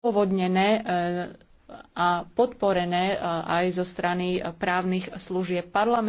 povodnené e, a podporené e, aj zo strany právnych služieb parlamentu.